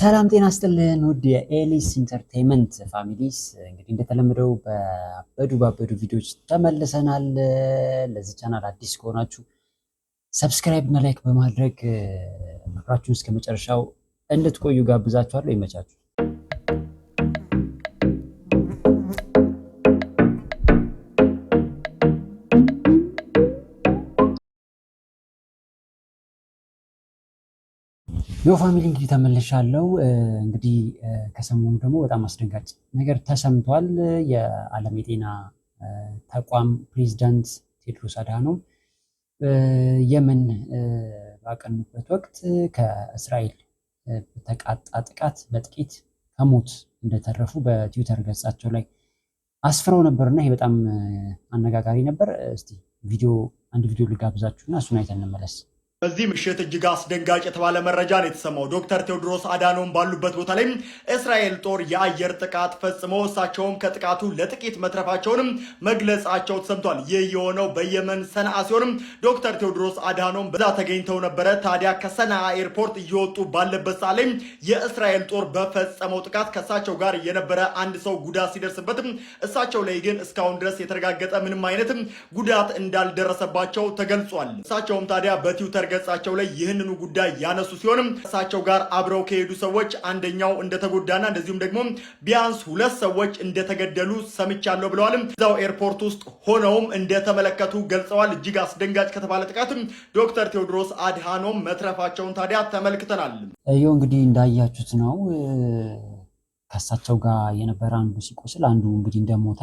ሰላም ጤና ስጥልን ውድ የኤሊስ ኢንተርቴንመንት ፋሚሊስ፣ እንግዲህ እንደተለመደው በአበዱ በአበዱ ቪዲዮዎች ተመልሰናል። ለዚህ ቻናል አዲስ ከሆናችሁ ሰብስክራይብ እና ላይክ በማድረግ ምክራችሁን እስከ መጨረሻው እንድትቆዩ ጋብዛችኋለሁ። ይመቻችሁ። ዮ ፋሚሊ እንግዲህ ተመልሻለሁ። እንግዲህ ከሰሞኑ ደግሞ በጣም አስደንጋጭ ነገር ተሰምቷል። የዓለም የጤና ተቋም ፕሬዚዳንት ቴድሮስ አድሃኖም የመን ባቀኑበት ወቅት ከእስራኤል በተቃጣ ጥቃት በጥቂት ከሞት እንደተረፉ በትዊተር ገጻቸው ላይ አስፍረው ነበር እና ይሄ በጣም አነጋጋሪ ነበር። እስኪ ቪዲዮ አንድ ቪዲዮ ልጋብዛችሁና እሱን አይተን እንመለስ። በዚህ ምሽት እጅግ አስደንጋጭ የተባለ መረጃ ነው የተሰማው። ዶክተር ቴዎድሮስ አዳኖም ባሉበት ቦታ ላይ እስራኤል ጦር የአየር ጥቃት ፈጽሞ እሳቸውም ከጥቃቱ ለጥቂት መትረፋቸውንም መግለጻቸው ተሰምቷል። ይህ የሆነው በየመን ሰንዓ ሲሆንም ዶክተር ቴዎድሮስ አዳኖም በዛ ተገኝተው ነበረ። ታዲያ ከሰንዓ ኤርፖርት እየወጡ ባለበት ሰዓት ላይ የእስራኤል ጦር በፈጸመው ጥቃት ከእሳቸው ጋር የነበረ አንድ ሰው ጉዳት ሲደርስበትም፣ እሳቸው ላይ ግን እስካሁን ድረስ የተረጋገጠ ምንም አይነትም ጉዳት እንዳልደረሰባቸው ተገልጿል። እሳቸውም ታዲያ በትዊተር ገጻቸው ላይ ይህንኑ ጉዳይ ያነሱ ሲሆንም እሳቸው ጋር አብረው ከሄዱ ሰዎች አንደኛው እንደተጎዳና እንደዚሁም ደግሞ ቢያንስ ሁለት ሰዎች እንደተገደሉ ሰምቻለሁ ብለዋልም። እዛው ኤርፖርት ውስጥ ሆነውም እንደተመለከቱ ገልጸዋል። እጅግ አስደንጋጭ ከተባለ ጥቃትም ዶክተር ቴዎድሮስ አድሃኖም መትረፋቸውን ታዲያ ተመልክተናል። ይኸው እንግዲህ እንዳያችሁት ነው። ከእሳቸው ጋር የነበረ አንዱ ሲቆስል አንዱ እንግዲህ እንደሞተ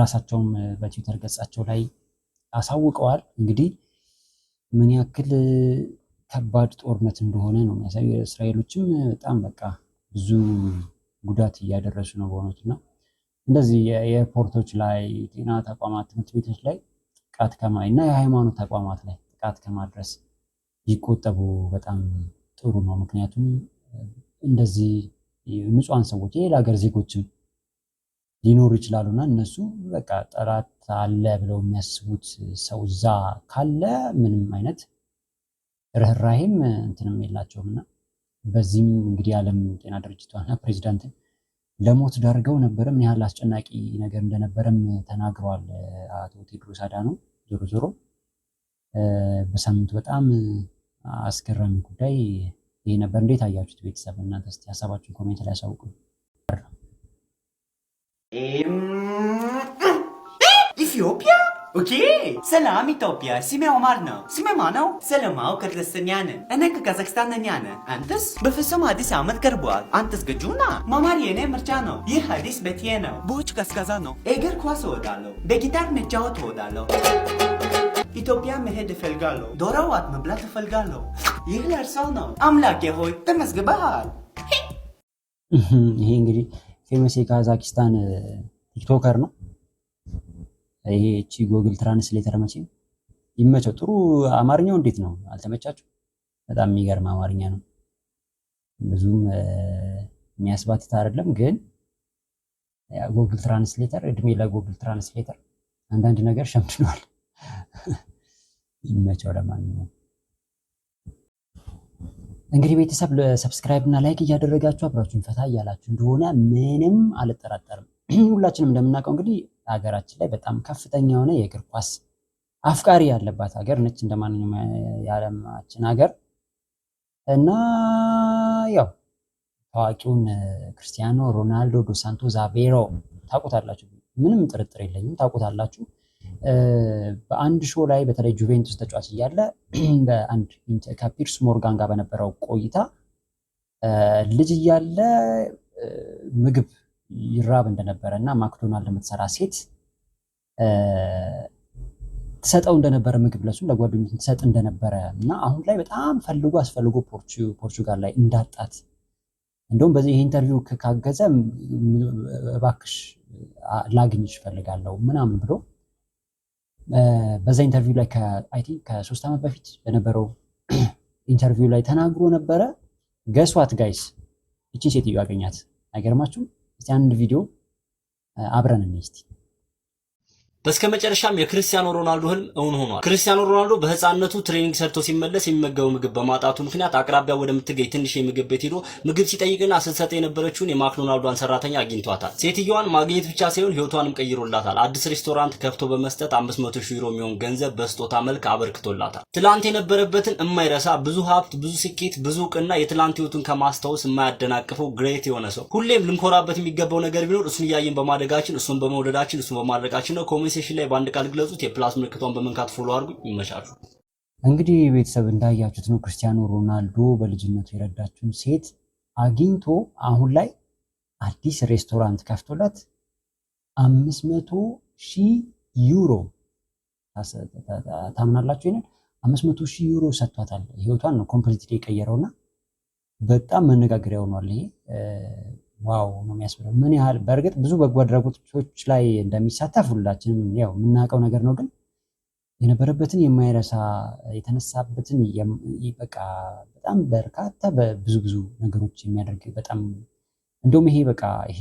ራሳቸውም በትዊተር ገጻቸው ላይ አሳውቀዋል። እንግዲህ ምን ያክል ከባድ ጦርነት እንደሆነ ነው የሚያሳዩ። እስራኤሎችም በጣም በቃ ብዙ ጉዳት እያደረሱ ነው በሆኑት እና እንደዚህ የኤርፖርቶች ላይ፣ ጤና ተቋማት፣ ትምህርት ቤቶች ላይ ጥቃት ከማ እና የሃይማኖት ተቋማት ላይ ጥቃት ከማድረስ ይቆጠቡ በጣም ጥሩ ነው። ምክንያቱም እንደዚህ ንጹሐን ሰዎች የሌላ ሀገር ዜጎችም ሊኖሩ ይችላሉ እና እነሱ በቃ ጥራት አለ ብለው የሚያስቡት ሰው እዛ ካለ ምንም አይነት ርኅራሄም እንትንም የላቸውም እና በዚህም እንግዲህ ዓለም ጤና ድርጅቷና ፕሬዚዳንትን ለሞት ዳርገው ነበረ። ምን ያህል አስጨናቂ ነገር እንደነበረም ተናግረዋል አቶ ቴድሮስ አዳኖ ዞሮ ዞሮ በሳምንቱ በጣም አስገራሚ ጉዳይ ይሄ ነበር። እንዴት አያችሁት ቤተሰብ? እናንተ እስቲ ሀሳባችሁን ኮሜንት ላይ አሳውቁ። ኢትዮጵያ ኦኬ። ሰላም ኢትዮጵያ። ስሜ ኦማር ነው። ስሜ ማነው? ሰለማው ክርስቲያን እኔ ከካዛክስታን ነኝ። አንተስ? በፍጹም አዲስ አመት ቀርቧል። አንተስ ገጁና ማማር የኔ ምርጫ ነው። ይህ አዲስ ቤቴ ነው። በውጭ ቀዝቃዛ ነው። እግር ኳስ እወዳለሁ። በጊታር መጫወት እወዳለሁ። ኢትዮጵያ መሄድ እፈልጋለሁ። ዶሮ ወጥ መብላት እፈልጋለሁ። ይህ ለእርሰው ነው። አምላኬ ሆይ ተመስግበሃል። ይሄ እንግዲህ ፌመስ የካዛኪስታን ቲክቶከር ነው። ይሄ እቺ ጎግል ትራንስሌተር መቼ ይመቸው። ጥሩ አማርኛው እንዴት ነው? አልተመቻችሁ? በጣም የሚገርም አማርኛ ነው። ብዙም የሚያስባትት አይደለም፣ ግን ጎግል ትራንስሌተር እድሜ ለጎግል ትራንስሌተር አንዳንድ ነገር ሸምድኗል። ይመቸው ለማንኛውም እንግዲህ ቤተሰብ ሰብስክራይብ እና ላይክ እያደረጋችሁ አብራችሁን ፈታ እያላችሁ እንደሆነ ምንም አልጠራጠርም። ሁላችንም እንደምናውቀው እንግዲህ ሀገራችን ላይ በጣም ከፍተኛ የሆነ የእግር ኳስ አፍቃሪ ያለባት ሀገር ነች፣ እንደ ማንኛውም የዓለማችን ሀገር እና ያው ታዋቂውን ክርስቲያኖ ሮናልዶ ዶ ሳንቶስ አቬሮ ታውቁታላችሁ፣ ምንም ጥርጥር የለኝም ታውቁታላችሁ። በአንድ ሾ ላይ በተለይ ጁቬንቱስ ተጫዋች እያለ በአንድ ከፒርስ ሞርጋን ጋር በነበረው ቆይታ ልጅ እያለ ምግብ ይራብ እንደነበረ እና ማክዶናልድ የምትሰራ ሴት ትሰጠው እንደነበረ ምግብ ለሱ ለጓደኞች ትሰጥ እንደነበረ እና አሁን ላይ በጣም ፈልጎ አስፈልጎ ፖርቹጋል ላይ እንዳጣት እንደውም በዚህ ይህ ኢንተርቪው ካገዘ እባክሽ ላግኝሽ እፈልጋለሁ ምናምን ብሎ በዛ ኢንተርቪው ላይ ከሶስት ዓመት በፊት በነበረው ኢንተርቪው ላይ ተናግሮ ነበረ። ገስዋት ጋይስ ይችን ሴትዮ አገኛት። አይገርማችሁም? እስቲ አንድ ቪዲዮ አብረን እንይ እስቲ በስከ መጨረሻም የክርስቲያኖ ሮናልዶ ህልም እውን ሆኗል። ክርስቲያኖ ሮናልዶ በህፃንነቱ ትሬኒንግ ሰርቶ ሲመለስ የሚመገበው ምግብ በማጣቱ ምክንያት አቅራቢያ ወደምትገኝ ትንሽ የምግብ ቤት ሄዶ ምግብ ሲጠይቅና ስትሰጥ የነበረችውን የማክዶናልዷን ሰራተኛ አግኝቷታል። ሴትዮዋን ማግኘት ብቻ ሳይሆን ህይወቷንም ቀይሮላታል። አዲስ ሬስቶራንት ከፍቶ በመስጠት 500 ሺህ ዩሮ የሚሆን ገንዘብ በስጦታ መልክ አበርክቶላታል። ትላንት የነበረበትን የማይረሳ ብዙ ሀብት፣ ብዙ ስኬት፣ ብዙ እውቅና የትላንት ህይወቱን ከማስታወስ የማያደናቅፈው ግሬት የሆነ ሰው ሁሌም ልንኮራበት የሚገባው ነገር ቢኖር እሱን እያየን በማደጋችን እሱን በመውደዳችን እሱን በማድረጋችን ነው። ኮንቨርሴሽን ላይ በአንድ ቃል ግለጹት። የፕላስ ምልክቷን በመንካት ፎሎ አድርጉ። ይመቻሉ። እንግዲህ ቤተሰብ እንዳያችሁት ነው ክርስቲያኖ ሮናልዶ በልጅነቱ የረዳችውን ሴት አግኝቶ አሁን ላይ አዲስ ሬስቶራንት ከፍቶላት አምስት መቶ ሺህ ዩሮ ታምናላችሁ? ይንን አምስት መቶ ሺህ ዩሮ ሰጥቷታል። ህይወቷን ነው ኮምፕሊት የቀየረውና በጣም መነጋገሪያ ሆኗል ይሄ ዋው ነው የሚያስብለው። ምን ያህል በእርግጥ ብዙ በጎ አድራጎቶች ላይ እንደሚሳተፍ ሁላችንም ያው የምናውቀው ነገር ነው። ግን የነበረበትን የማይረሳ የተነሳበትን በቃ በጣም በርካታ በብዙ ብዙ ነገሮች የሚያደርግ በጣም እንደውም ይሄ በቃ ይሄ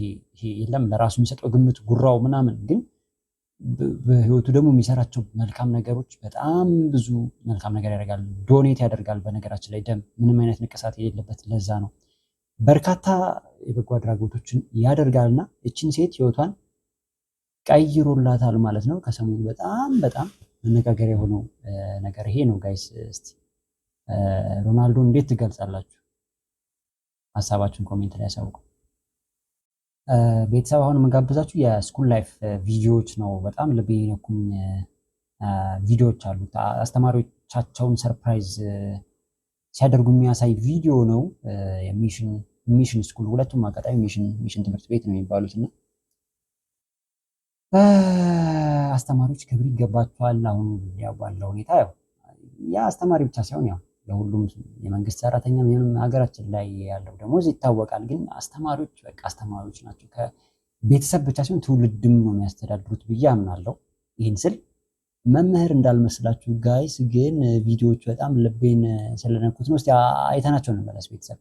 የለም ለራሱ የሚሰጠው ግምት ጉራው ምናምን ግን በህይወቱ ደግሞ የሚሰራቸው መልካም ነገሮች በጣም ብዙ መልካም ነገር ያደርጋል። ዶኔት ያደርጋል። በነገራችን ላይ ደም ምንም አይነት ንቅሳት የሌለበት ለዛ ነው በርካታ የበጎ አድራጎቶችን ያደርጋልና እችን ሴት ህይወቷን ቀይሮላታል ማለት ነው። ከሰሞኑ በጣም በጣም መነጋገር የሆነው ነገር ይሄ ነው ጋይስ። እስቲ ሮናልዶ እንዴት ትገልጻላችሁ? ሀሳባችሁን ኮሜንት ላይ ያሳውቁ። ቤተሰብ አሁን የምጋብዛችሁ የስኩል ላይፍ ቪዲዮዎች ነው። በጣም ልብ የነኩኝ ቪዲዮዎች አሉ። አስተማሪዎቻቸውን ሰርፕራይዝ ሲያደርጉ የሚያሳይ ቪዲዮ ነው የሚሽን ሚሽን ስኩል ሁለቱም አጋጣሚ ሚሽን ትምህርት ቤት ነው የሚባሉት እና አስተማሪዎች ክብር ይገባቸዋል። አሁን ያው ባለው ሁኔታ ያው ያ አስተማሪ ብቻ ሳይሆን ያው ለሁሉም የመንግስት ሰራተኛ ምንም ሀገራችን ላይ ያለው ደሞዝ ይታወቃል። ግን አስተማሪዎች በቃ አስተማሪዎች ናቸው። ከቤተሰብ ብቻ ሲሆን ትውልድም ነው የሚያስተዳድሩት ብዬ አምናለሁ። ይህን ስል መምህር እንዳልመስላችሁ ጋይስ፣ ግን ቪዲዮዎች በጣም ልቤን ስለነኩት ነው። እስኪ አይተናቸው እንመለስ ቤተሰብ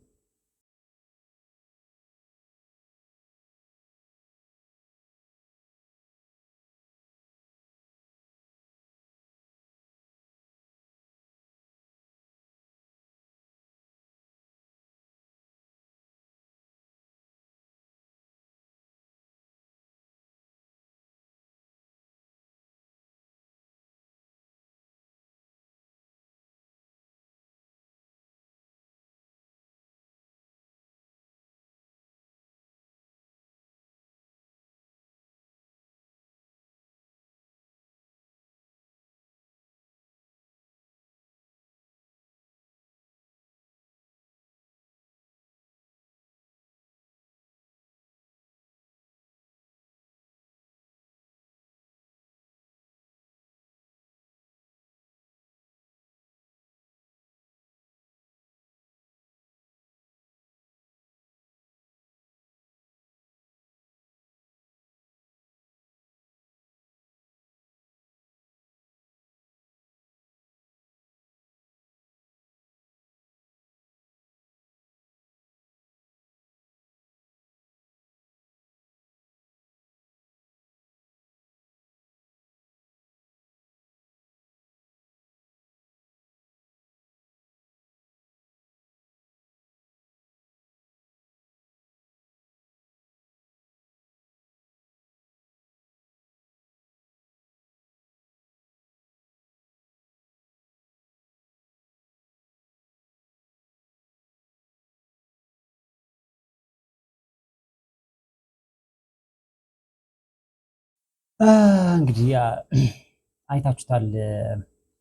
እንግዲህ አይታችሁታል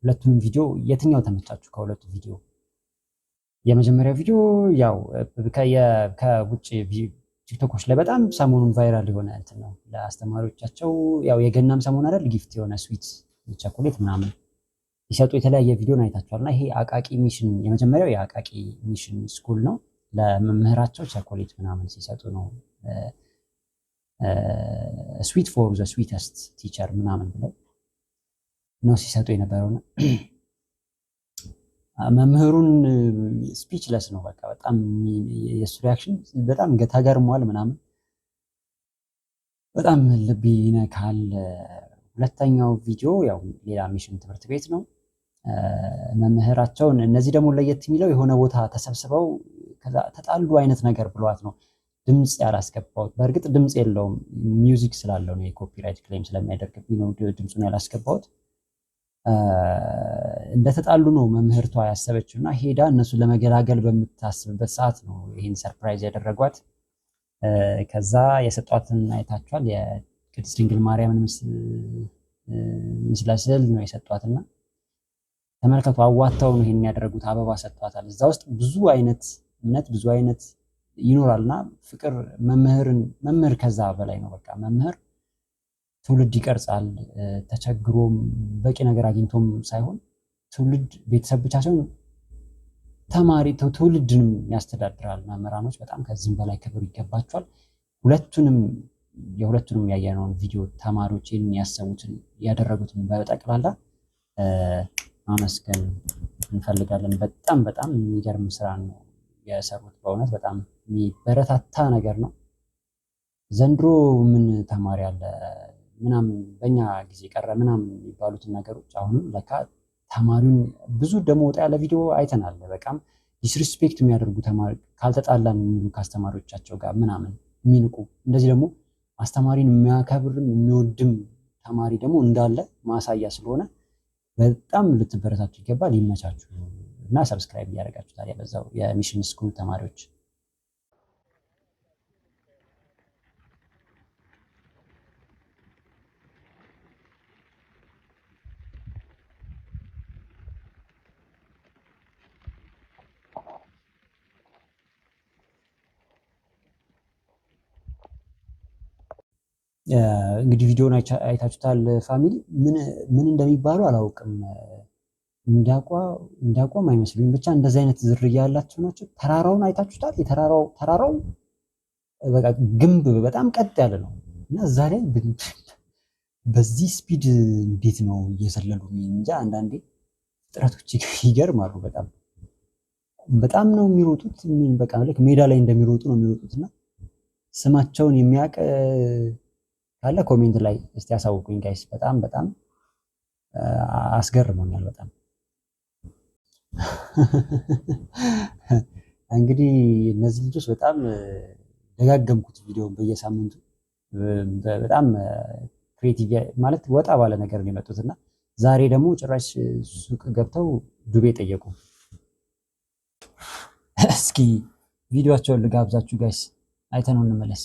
ሁለቱንም ቪዲዮ። የትኛው ተመቻችሁ ከሁለቱ ቪዲዮ? የመጀመሪያው ቪዲዮ ያው ከውጭ ቲክቶኮች ላይ በጣም ሰሞኑን ቫይራል የሆነ እንትን ነው ለአስተማሪዎቻቸው ያው የገናም ሰሞን አይደል ጊፍት የሆነ ስዊት ቸኮሌት ምናምን ሲሰጡ የተለያየ ቪዲዮን አይታችኋል። እና ይሄ አቃቂ ሚሽን የመጀመሪያው የአቃቂ ሚሽን ስኩል ነው። ለመምህራቸው ቸኮሌት ምናምን ሲሰጡ ነው ስዊት ፎር ዘ ስዊተስት ቲቸር ምናምን ብለው ነው ሲሰጡ የነበረውና መምህሩን ስፒችለስ ነው በቃ በጣም የእሱ ሪያክሽን በጣም ተገርሟል ምናምን በጣም ልብ ይነካል። ሁለተኛው ቪዲዮ ያው ሌላ ሚሽን ትምህርት ቤት ነው። መምህራቸውን እነዚህ ደግሞ ለየት የሚለው የሆነ ቦታ ተሰብስበው ከዛ ተጣሉ አይነት ነገር ብሏት ነው ድምፅ ያላስገባሁት። በእርግጥ ድምፅ የለውም ሚውዚክ ስላለው ነው የኮፒራይት ክሌም ስለሚያደርግብኝ ነው ድምፁን ያላስገባሁት። እንደተጣሉ ነው መምህርቷ ያሰበችው እና ሄዳ እነሱን ለመገላገል በምታስብበት ሰዓት ነው ይህን ሰርፕራይዝ ያደረጓት። ከዛ የሰጧትን አይታችኋል። የቅድስት ድንግል ማርያምን ምስለ ስዕል ነው የሰጧትና ተመልከቱ። አዋተው ነው ይህን ያደረጉት። አበባ ሰጥቷታል። እዛ ውስጥ ብዙ አይነት እምነት ብዙ አይነት ይኖራልና ፍቅር መምህርን መምህር ከዛ በላይ ነው። በቃ መምህር ትውልድ ይቀርጻል። ተቸግሮም በቂ ነገር አግኝቶም ሳይሆን ትውልድ ቤተሰብ ብቻ ሳይሆን ተማሪ ትውልድንም ያስተዳድራል። መምህራኖች በጣም ከዚህም በላይ ክብር ይገባቸዋል። ሁለቱንም የሁለቱንም ያየነውን ቪዲዮ ተማሪዎች ይህን ያሰቡትን ያደረጉትን በጠቅላላ ማመስገን እንፈልጋለን። በጣም በጣም የሚገርም ስራ ነው። የሰሩት በእውነት በጣም የሚበረታታ ነገር ነው። ዘንድሮ ምን ተማሪ አለ ምናምን በእኛ ጊዜ ቀረ ምናምን የሚባሉትን ነገሮች አሁንም ለካ ተማሪውን ብዙ ደግሞ ወጣ ያለ ቪዲዮ አይተናል። በቃም ዲስሪስፔክት የሚያደርጉ ተማሪ ካልተጣላን የሚሉ ከአስተማሪዎቻቸው ጋር ምናምን የሚንቁ እንደዚህ ደግሞ አስተማሪን የሚያከብርም የሚወድም ተማሪ ደግሞ እንዳለ ማሳያ ስለሆነ በጣም ልትበረታቱ ይገባል። ይመቻችሁ። እና ሰብስክራይብ እያደረጋችሁ ታዲያ በዛው የሚሽን ስኩል ተማሪዎች እንግዲህ ቪዲዮን አይታችሁታል ፋሚሊ ምን እንደሚባሉ አላውቅም ሚዳቋ አይመስሉኝ። ብቻ እንደዚህ አይነት ዝርያ ያላቸው ናቸው። ተራራውን አይታችሁታል? የተራራው ተራራው በቃ ግንብ በጣም ቀጥ ያለ ነው እና እዛ ላይ በዚህ ስፒድ እንዴት ነው እየዘለሉ? እንጃ አንዳንዴ ጥረቶች ይገርማሉ። በጣም በጣም ነው የሚሮጡት። በቃ ልክ ሜዳ ላይ እንደሚሮጡ ነው የሚሮጡት እና ስማቸውን የሚያውቅ ካለ ኮሜንት ላይ እስቲ ያሳውቁኝ ጋይስ። በጣም በጣም አስገርሞኛል በጣም እንግዲህ እነዚህ ልጆች በጣም ደጋገምኩት ቪዲዮ በየሳምንቱ በጣም ክሬቲቭ ማለት ወጣ ባለ ነገር ነው የመጡት እና ዛሬ ደግሞ ጭራሽ ሱቅ ገብተው ዱቤ ጠየቁ። እስኪ ቪዲዮቸውን ልጋብዛችሁ ጋይስ አይተነው እንመለስ።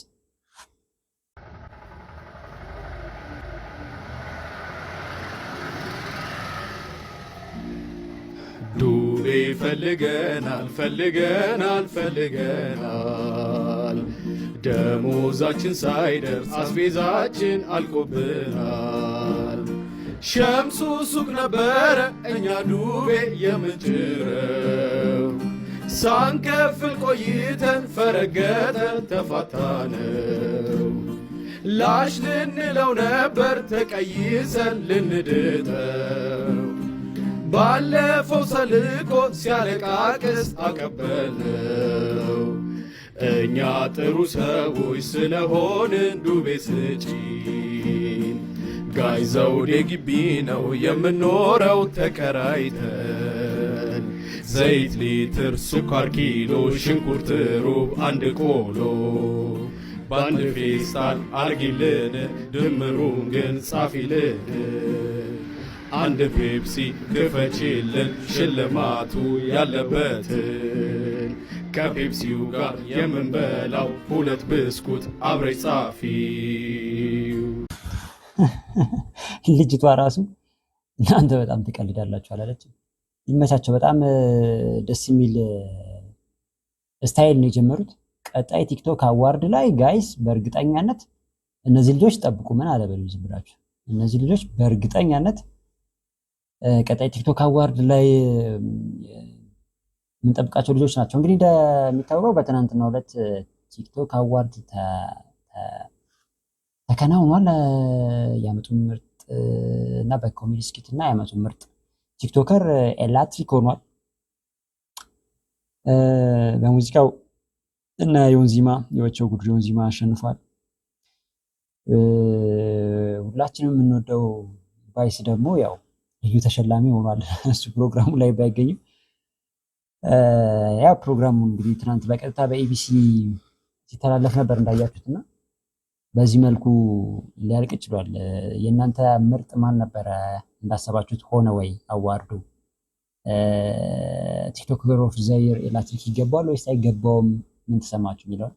ፈልገናል ፈልገናል ፈልገናል ደሞዛችን ሳይደርስ አስቤዛችን አልቆብናል። ሸምሱ ሱቅ ነበረ እኛ ዱቤ የምንጭረው ሳንከፍል ቆይተን ፈረገተ ተፋታነው። ላሽ ልንለው ነበር ተቀይሰን ልንድጠው ባለፈው ሰልኮ ሲያለቃቅስ አቀበለው። እኛ ጥሩ ሰዎች ስለሆንን ዱቤ ስጪን። ጋሽ ዘውዴ ግቢ ነው የምኖረው ተከራይተን። ዘይት ሊትር፣ ስኳር ኪሎ፣ ሽንኩርት ሩብ፣ አንድ ቆሎ በአንድ ፌስታል አርጊልን፣ ድምሩን ግን ጻፊልን። አንድ ፔፕሲ ክፈችልን ሽልማቱ ያለበትን ከፔፕሲው ጋር የምንበላው ሁለት ብስኩት አብረች ጻፊ። ልጅቷ ራሱ እናንተ በጣም ትቀልዳላችሁ አላለች። ይመቻቸው። በጣም ደስ የሚል ስታይል ነው የጀመሩት። ቀጣይ ቲክቶክ አዋርድ ላይ ጋይስ በእርግጠኛነት እነዚህ ልጆች ጠብቁ። ምን አለበሉ ዝም ብላችሁ እነዚህ ልጆች በእርግጠኛነት ቀጣይ ቲክቶክ አዋርድ ላይ የምንጠብቃቸው ልጆች ናቸው። እንግዲህ እንደሚታወቀው በትናንትና ሁለት ቲክቶክ አዋርድ ተከናውኗል። የአመቱ ምርጥ እና በኮሚዲ ስኪት እና የአመቱ ምርጥ ቲክቶከር ኤላትሪክ ሆኗል። በሙዚቃው እና ዮንዚማ የወቸው ጉድ ዮንዚማ አሸንፏል። ሁላችንም የምንወደው ቫይስ ደግሞ ያው ልዩ ተሸላሚ ሆኗል። እሱ ፕሮግራሙ ላይ ባይገኝም ያ ፕሮግራሙ እንግዲህ ትናንት በቀጥታ በኢቢሲ ሲተላለፍ ነበር እንዳያችሁት እና በዚህ መልኩ ሊያልቅ ችሏል። የእናንተ ምርጥ ማን ነበረ? እንዳሰባችሁት ሆነ ወይ አዋርዱ? ቲክቶክ ኦፍ ዘይር ኤላትሪክ ይገባዋል ወይስ አይገባውም? ምን ተሰማችሁ የሚለውን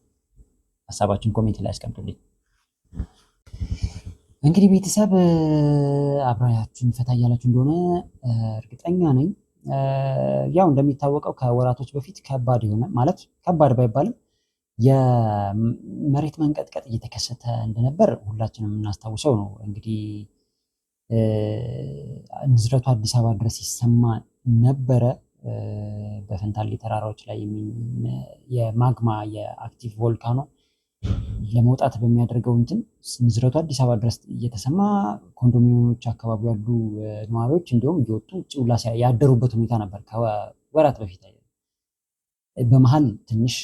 ሀሳባችን ኮሜንት ላይ አስቀምጡልኝ። እንግዲህ ቤተሰብ አብራያችሁን ፈታ እያላችሁ እንደሆነ እርግጠኛ ነኝ። ያው እንደሚታወቀው ከወራቶች በፊት ከባድ የሆነ ማለት ከባድ ባይባልም የመሬት መንቀጥቀጥ እየተከሰተ እንደነበር ሁላችንም የምናስታውሰው ነው። እንግዲህ ንዝረቱ አዲስ አበባ ድረስ ይሰማ ነበረ። በፈንታሌ ተራራዎች ላይ የማግማ የአክቲቭ ቮልካኖ ለመውጣት በሚያደርገው እንትን ንዝረቱ አዲስ አበባ ድረስ እየተሰማ ኮንዶሚኒየሞች አካባቢ ያሉ ነዋሪዎች እንዲሁም እየወጡ ውጭ ያደሩበት ሁኔታ ነበር ከወራት በፊት። በመሀል ትንሽ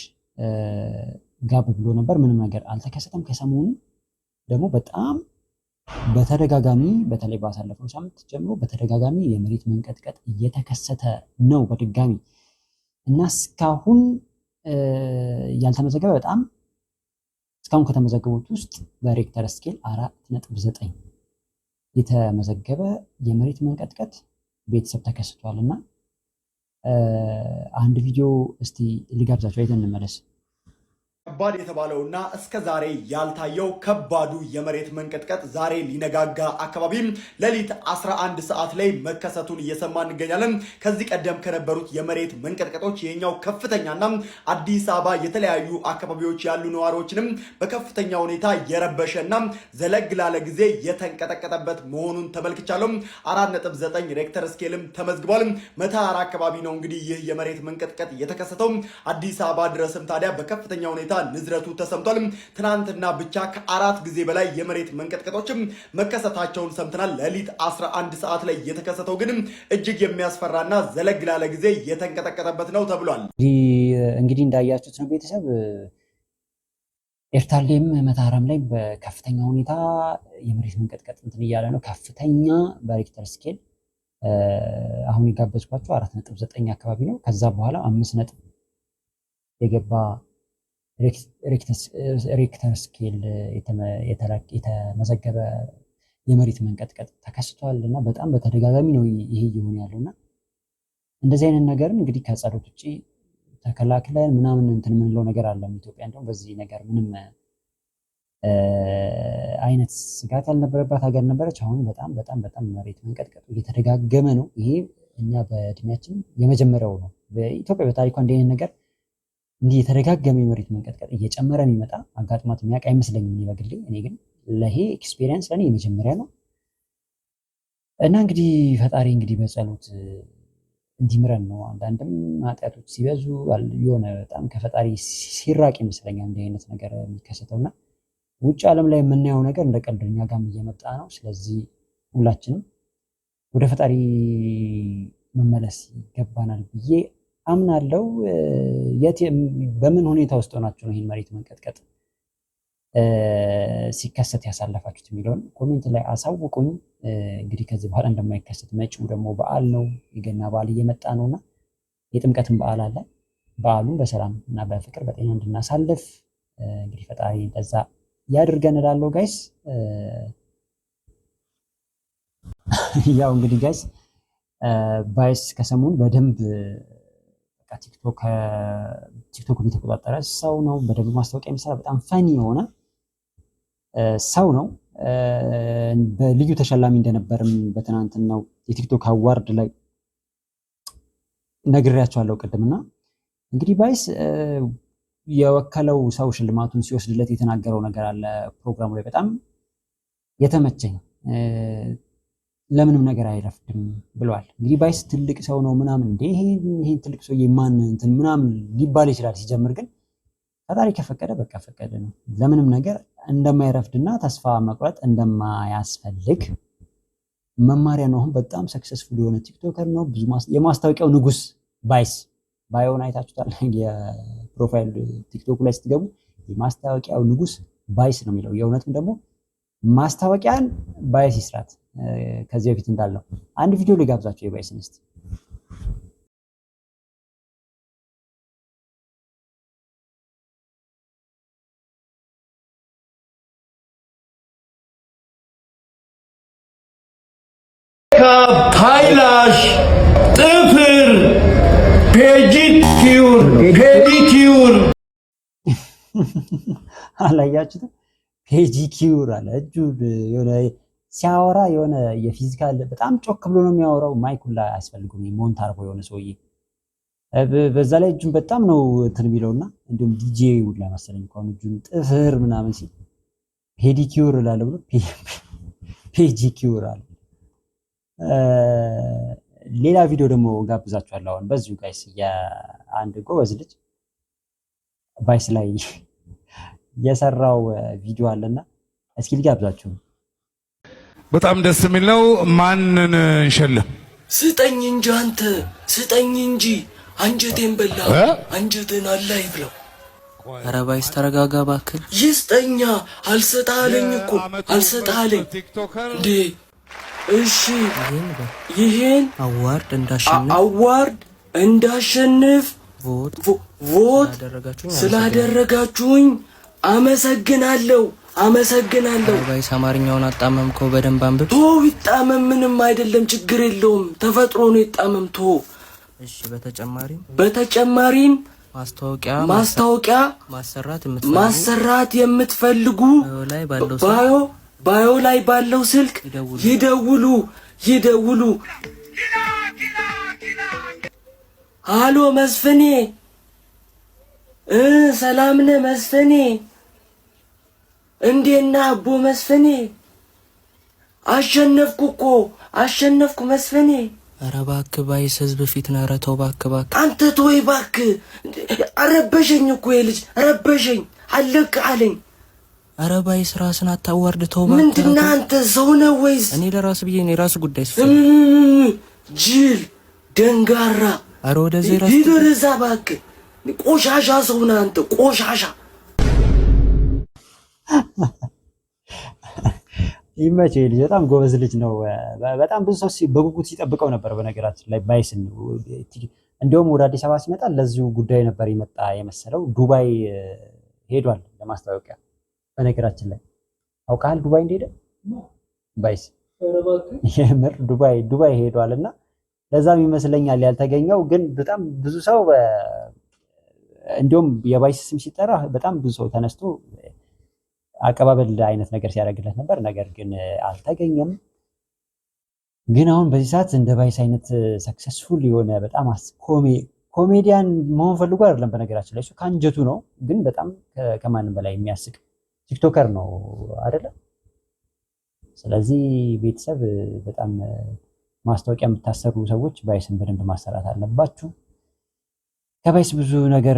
ጋብ ብሎ ነበር፣ ምንም ነገር አልተከሰተም። ከሰሞኑ ደግሞ በጣም በተደጋጋሚ በተለይ ባሳለፈው ሳምንት ጀምሮ በተደጋጋሚ የመሬት መንቀጥቀጥ እየተከሰተ ነው በድጋሚ እና እስካሁን ያልተመዘገበ በጣም እስካሁን ከተመዘገቡት ውስጥ በሬክተር ስኬል አራት ነጥብ ዘጠኝ የተመዘገበ የመሬት መንቀጥቀጥ ቤተሰብ ተከስቷል እና አንድ ቪዲዮ እስቲ ልጋብዛቸው አይተን እንመለስ። ከባድ የተባለውና እስከ ዛሬ ያልታየው ከባዱ የመሬት መንቀጥቀጥ ዛሬ ሊነጋጋ አካባቢ ሌሊት 11 ሰዓት ላይ መከሰቱን እየሰማ እንገኛለን። ከዚህ ቀደም ከነበሩት የመሬት መንቀጥቀጦች ይሄኛው ከፍተኛና አዲስ አበባ የተለያዩ አካባቢዎች ያሉ ነዋሪዎችንም በከፍተኛ ሁኔታ የረበሸና ዘለግ ላለ ጊዜ የተንቀጠቀጠበት መሆኑን ተመልክቻለሁ። 4.9 ሬክተር ስኬልም ተመዝግቧል። መተሃራ አካባቢ ነው እንግዲህ ይህ የመሬት መንቀጥቀጥ የተከሰተው። አዲስ አበባ ድረስም ታዲያ በከፍተኛ ሁኔታ ንዝረቱ ተሰምቷል። ትናንትና ብቻ ከአራት ጊዜ በላይ የመሬት መንቀጥቀጦችም መከሰታቸውን ሰምተናል። ሌሊት 11 ሰዓት ላይ የተከሰተው ግን እጅግ የሚያስፈራና ዘለግ ላለ ጊዜ የተንቀጠቀጠበት ነው ተብሏል። እንግዲህ እንዳያችሁት ነው ቤተሰብ ኤርታሌም መታረም ላይ በከፍተኛ ሁኔታ የመሬት መንቀጥቀጥ እንትን እያለ ነው። ከፍተኛ በሬክተር ስኬል አሁን የጋበዝኳቸው አራት ነጥብ ዘጠኝ አካባቢ ነው። ከዛ በኋላ አምስት ነጥብ የገባ ሬክተር ስኬል የተመዘገበ የመሬት መንቀጥቀጥ ተከስቷል እና በጣም በተደጋጋሚ ነው ይሄ እየሆነ ያለው እና እንደዚህ አይነት ነገርን እንግዲህ ከጸሎት ውጭ ተከላክለን ምናምን እንትን የምንለው ነገር አለም። ኢትዮጵያ እንደውም በዚህ ነገር ምንም አይነት ስጋት ያልነበረባት ሀገር ነበረች። አሁን በጣም በጣም በጣም መሬት መንቀጥቀጡ እየተደጋገመ ነው። ይሄ እኛ በእድሜያችን የመጀመሪያው ነው። በኢትዮጵያ በታሪኳ እንደ አይነት ነገር እንዲህ የተደጋገመ የመሬት መንቀጥቀጥ እየጨመረ የሚመጣ አጋጥሟት የሚያውቅ አይመስለኝም የሚበግልኝ እኔ ግን ለይሄ ኤክስፔሪንስ ለእኔ የመጀመሪያ ነው እና እንግዲህ ፈጣሪ እንግዲህ በጸሎት እንዲምረን ነው። አንዳንድም ኃጢአቶች ሲበዙ የሆነ በጣም ከፈጣሪ ሲራቅ ይመስለኛል እንዲህ አይነት ነገር የሚከሰተውና ውጭ ዓለም ላይ የምናየው ነገር እንደ ቀልደኛ ጋም እየመጣ ነው። ስለዚህ ሁላችንም ወደ ፈጣሪ መመለስ ይገባናል ብዬ አምናለው በምን ሁኔታ ውስጥ ሆናችሁ ነው ይህን መሬት መንቀጥቀጥ ሲከሰት ያሳለፋችሁት የሚለውን ኮሜንት ላይ አሳውቁኝ። እንግዲህ ከዚህ በኋላ እንደማይከሰት መጪው ደግሞ በዓል ነው፣ የገና በዓል እየመጣ ነው እና የጥምቀትን በዓል አለ። በዓሉን በሰላም እና በፍቅር በጤና እንድናሳልፍ እንግዲህ ፈጣሪ እንደዛ ያድርገን እላለሁ ጋይስ። ያው እንግዲህ ጋይስ ባይስ ከሰሞኑ በደንብ ቲክቶክ የተቆጣጠረ ሰው ነው። በደንብ ማስታወቂያ የሚሰራ በጣም ፈኒ የሆነ ሰው ነው። በልዩ ተሸላሚ እንደነበርም በትናንትናው የቲክቶክ አዋርድ ላይ ነግሬያቸዋለሁ ቅድምና እንግዲህ ባይስ የወከለው ሰው ሽልማቱን ሲወስድለት የተናገረው ነገር አለ። ፕሮግራሙ ላይ በጣም የተመቸኝ ለምንም ነገር አይረፍድም ብሏል። እንግዲህ ባይስ ትልቅ ሰው ነው ምናምን እንደ ይሄን ትልቅ ሰው የማን እንትን ምናምን ሊባል ይችላል። ሲጀምር ግን ፈጣሪ ከፈቀደ በቃ ፈቀደ ነው። ለምንም ነገር እንደማይረፍድና ተስፋ መቁረጥ እንደማያስፈልግ መማሪያ ነው። አሁን በጣም ሰክሰስፉል የሆነ ቲክቶከር ነው። ብዙ የማስታወቂያው ንጉስ ባይስ ባዮን አይታችሁታል። የፕሮፋይል ቲክቶክ ላይ ስትገቡ የማስታወቂያው ንጉስ ባይስ ነው የሚለው የእውነትም ደግሞ ማስታወቂያን ባይስ ይስራት። ከዚህ በፊት እንዳለው አንድ ቪዲዮ ሊጋብዛቸው የባይስ እስቲ ኃይላሽ ጥፍር ፔጂኪዩር ፔዲኪዩር አላያችሁትም? ሄጂ ኪዩር አለ እጁ የሆነ ሲያወራ የሆነ የፊዚካል በጣም ጮክ ብሎ ነው የሚያወራው። ማይክ ሁላ ሞንት አርጎ የሆነ ሰውዬ በዛ ላይ እጁን በጣም ነው እንትን የሚለውና እንዲሁም ዲጄ ሁላ መሰለኝ ከሆኑ እጁን ጥፍር ምናምን ሲል ፔዲ ኪዩር ላለ ብሎ ፔጂ ኪዩር አለ። ሌላ ቪዲዮ ደግሞ ጋብዛችኋለሁ። አሁን በዚሁ ጋይስ የአንድ ጎበዝ ልጅ ባይስ ላይ የሰራው ቪዲዮ አለና እስኪ ልጋብዛችሁ። በጣም ደስ የሚል ነው። ማንን እንሸልም? ስጠኝ እንጂ አንተ ስጠኝ እንጂ አንጀቴን በላ አንጀቴን አላ ይብለው። ኧረ ተረጋጋ ባክል። ይስጠኛ አልሰጣለኝ እኮ አልሰጣለኝ እንዴ። እሺ ይሄን አዋርድ እንዳሸንፍ አዋርድ እንዳሸንፍ ቮት ስላደረጋችሁኝ አመሰግናለሁ አመሰግናለሁ ባይስ አማርኛውን አጣመምከው። በደንብ አንብብ። ቶ ይጣመም ምንም አይደለም፣ ችግር የለውም። ተፈጥሮ ነው ይጣመም። ቶ እሺ። በተጨማሪም በተጨማሪም ማስታወቂያ ማስታወቂያ ማሰራት የምትፈልጉ ባዮ ባዮ ላይ ባለው ስልክ ይደውሉ ይደውሉ። አሎ መስፍኔ እ ሰላም ነህ መስፍኔ እንዴና አቦ መስፍኔ አሸነፍኩ እኮ አሸነፍኩ መስፍኔ። ኧረ እባክህ ባይስ ህዝብ ፊት ነው። ኧረ ተው እባክህ እባክህ አንተ ተወይ እባክህ። ረበሸኝ እኮ የልጅ ረበሸኝ፣ አለቅ አለኝ። ኧረ ባይስ ራስን አታዋርድ ተው እባክህ። ምንድን አንተ ሰው ነህ ወይስ? እኔ ለራስ ብዬ ነው የራስ ጉዳይ ስፍ ጅል ደንጋራ። ኧረ ወደዚህ ራስ ሂድ እዛ እባክህ። ቆሻሻ ሰው ነህ አንተ ቆሻሻ ይመቸው ልጅ በጣም ጎበዝ ልጅ ነው። በጣም ብዙ ሰው በጉጉት ሲጠብቀው ነበር። በነገራችን ላይ ባይስን እንዲሁም ወደ አዲስ አበባ ሲመጣ ለዚሁ ጉዳይ ነበር የመጣ የመሰለው። ዱባይ ሄዷል ለማስታወቂያ። በነገራችን ላይ አውቃል ዱባይ እንደሄደ ባይስ የምር ዱባይ ዱባይ ሄዷል እና ለዛም ይመስለኛል ያልተገኘው። ግን በጣም ብዙ ሰው እንዲሁም የባይስ ስም ሲጠራ በጣም ብዙ ሰው ተነስቶ አቀባበል አይነት ነገር ሲያደርግለት ነበር። ነገር ግን አልተገኘም። ግን አሁን በዚህ ሰዓት እንደ ባይስ አይነት ሰክሰስፉል የሆነ በጣም ኮሜዲያን መሆን ፈልጎ አይደለም። በነገራችን ላይ እሱ ከአንጀቱ ነው፣ ግን በጣም ከማንም በላይ የሚያስቅ ቲክቶከር ነው አይደለም። ስለዚህ ቤተሰብ በጣም ማስታወቂያ የምታሰሩ ሰዎች ባይስን በደንብ ማሰራት አለባችሁ። ከባይስ ብዙ ነገር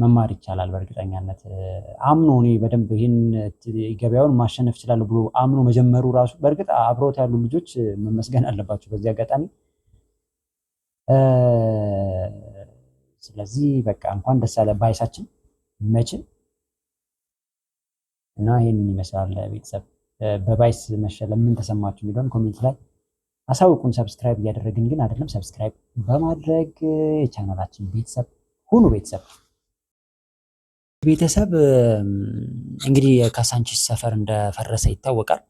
መማር ይቻላል። በእርግጠኛነት አምኖ እኔ በደንብ ይህን ገበያውን ማሸነፍ ይችላል ብሎ አምኖ መጀመሩ ራሱ በእርግጥ አብሮት ያሉ ልጆች መመስገን አለባቸው በዚህ አጋጣሚ። ስለዚህ በቃ እንኳን ደስ አለ ባይሳችን መችን እና ይህን ይመስላል ቤተሰብ። በባይስ መሸለም ምን ተሰማችሁ የሚለውን ኮሜንት ላይ አሳውቁን። ሰብስክራይብ እያደረግን ግን አይደለም። ሰብስክራይብ በማድረግ የቻናላችን ቤተሰብ ሁኑ ቤተሰብ ቤተሰብ እንግዲህ የካሳንቺስ ሰፈር እንደፈረሰ ይታወቃል።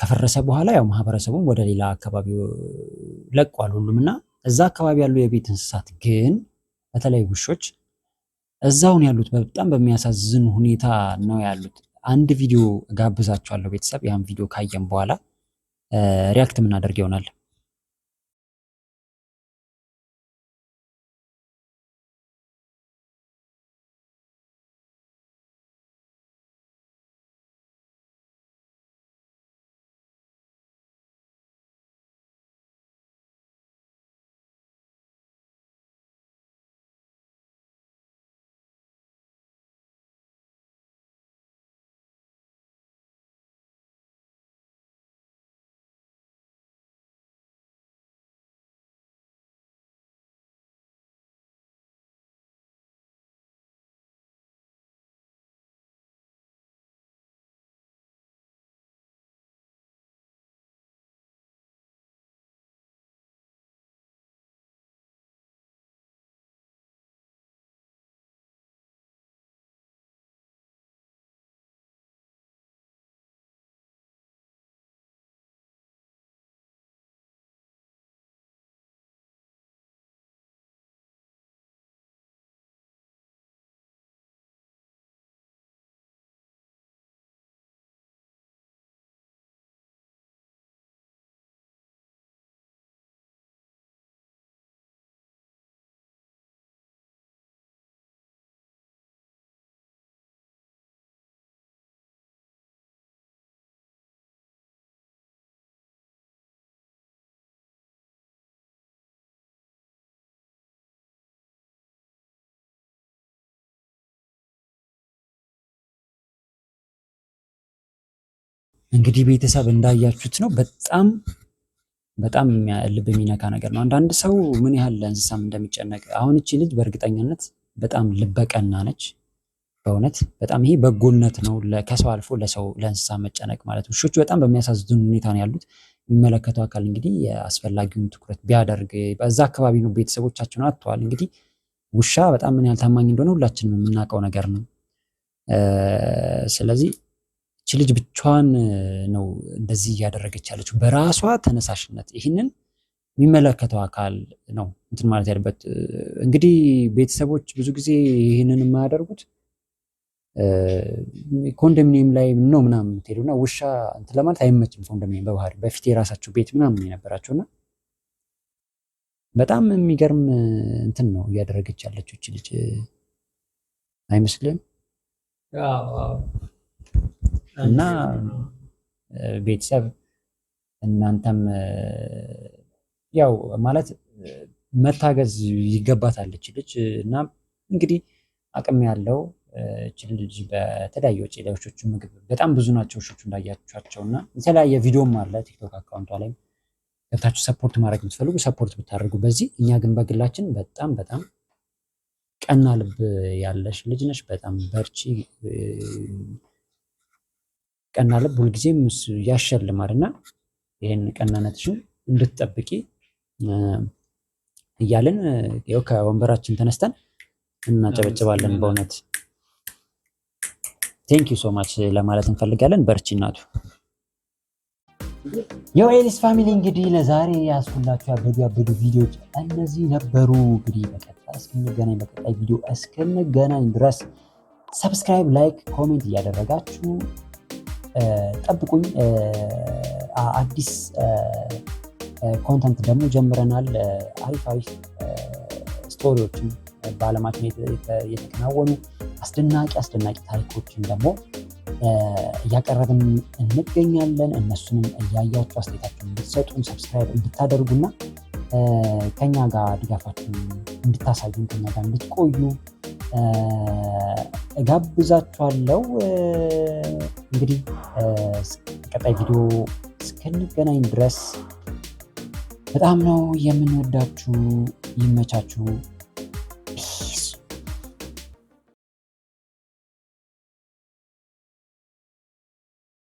ከፈረሰ በኋላ ያው ማህበረሰቡም ወደ ሌላ አካባቢ ለቋል ሁሉም እና እዛ አካባቢ ያሉ የቤት እንስሳት ግን በተለይ ውሾች እዛውን ያሉት በጣም በሚያሳዝን ሁኔታ ነው ያሉት። አንድ ቪዲዮ ጋብዛቸዋለሁ ቤተሰብ ያን ቪዲዮ ካየም በኋላ ሪያክት የምናደርግ ይሆናል እንግዲህ ቤተሰብ እንዳያችሁት ነው። በጣም በጣም ልብ የሚነካ ነገር ነው። አንዳንድ ሰው ምን ያህል ለእንስሳም እንደሚጨነቅ አሁን እቺ ልጅ በእርግጠኝነት በጣም ልበቀና ነች። በእውነት በጣም ይሄ በጎነት ነው፣ ከሰው አልፎ ለሰው ለእንስሳ መጨነቅ ማለት። ውሾቹ በጣም በሚያሳዝን ሁኔታ ነው ያሉት። የሚመለከተው አካል እንግዲህ የአስፈላጊውን ትኩረት ቢያደርግ በዛ አካባቢ ነው ቤተሰቦቻቸውን አጥተዋል። እንግዲህ ውሻ በጣም ምን ያህል ታማኝ እንደሆነ ሁላችንም የምናውቀው ነገር ነው። ስለዚህ ልጅ ብቻዋን ነው እንደዚህ እያደረገች ያለችው በራሷ ተነሳሽነት። ይህንን የሚመለከተው አካል ነው እንትን ማለት ያለበት። እንግዲህ ቤተሰቦች ብዙ ጊዜ ይህንን የማያደርጉት ኮንዶሚኒየም ላይ ነው ምናምን የምትሄዱና ውሻ እንትን ለማለት አይመችም። ኮንዶሚኒየም በባህሪ በፊት የራሳቸው ቤት ምናምን የነበራቸውና በጣም የሚገርም እንትን ነው እያደረገች ያለችው ልጅ አይመስልም? እና ቤተሰብ እናንተም ያው ማለት መታገዝ ይገባታል ልጅ እና እንግዲህ አቅም ያለው ችል ልጅ በተለያዩ ወጪ ላዮሾቹ ምግብ በጣም ብዙ ናቸው ውሾቹ እንዳያቸቸው እና የተለያየ ቪዲዮም አለ ቲክቶክ አካውንቷ ላይ ገብታችሁ ሰፖርት ማድረግ የምትፈልጉ ሰፖርት ብታደርጉ በዚህ እኛ ግን በግላችን በጣም በጣም ቀና ልብ ያለሽ ልጅ ነሽ። በጣም በርቺ። ቀና ልብ ሁልጊዜም ያሸልማል እና ይህን ቀናነትሽን እንድትጠብቂ እያልን ይኸው ከወንበራችን ተነስተን እናጨበጭባለን። በእውነት ቴንክ ዩ ሶማች ለማለት እንፈልጋለን። በርቺ እናቱ። የኤሊስ ፋሚሊ እንግዲህ ለዛሬ ያስኩላችሁ ያበዱ ያበዱ ቪዲዮዎች እነዚህ ነበሩ። እንግዲህ በቀጣይ እስክንገናኝ በቀጣይ ቪዲዮ እስክንገናኝ ድረስ ሰብስክራይብ፣ ላይክ፣ ኮሜንት እያደረጋችሁ ጠብቁኝ። አዲስ ኮንተንት ደግሞ ጀምረናል። አሪፍ አሪፍ ስቶሪዎችን በአለማችን የተከናወኑ አስደናቂ አስደናቂ ታሪኮችን ደግሞ እያቀረብን እንገኛለን። እነሱንም እያያችሁ አስተያየታችሁን እንድትሰጡን ሰብስክራይብ እንድታደርጉና ከኛ ጋር ድጋፋችሁ እንድታሳዩን ከኛ ጋር እንድትቆዩ እጋብዛችኋለሁ። እንግዲህ ቀጣይ ቪዲዮ እስከንገናኝ ድረስ በጣም ነው የምንወዳችሁ። ይመቻችሁ።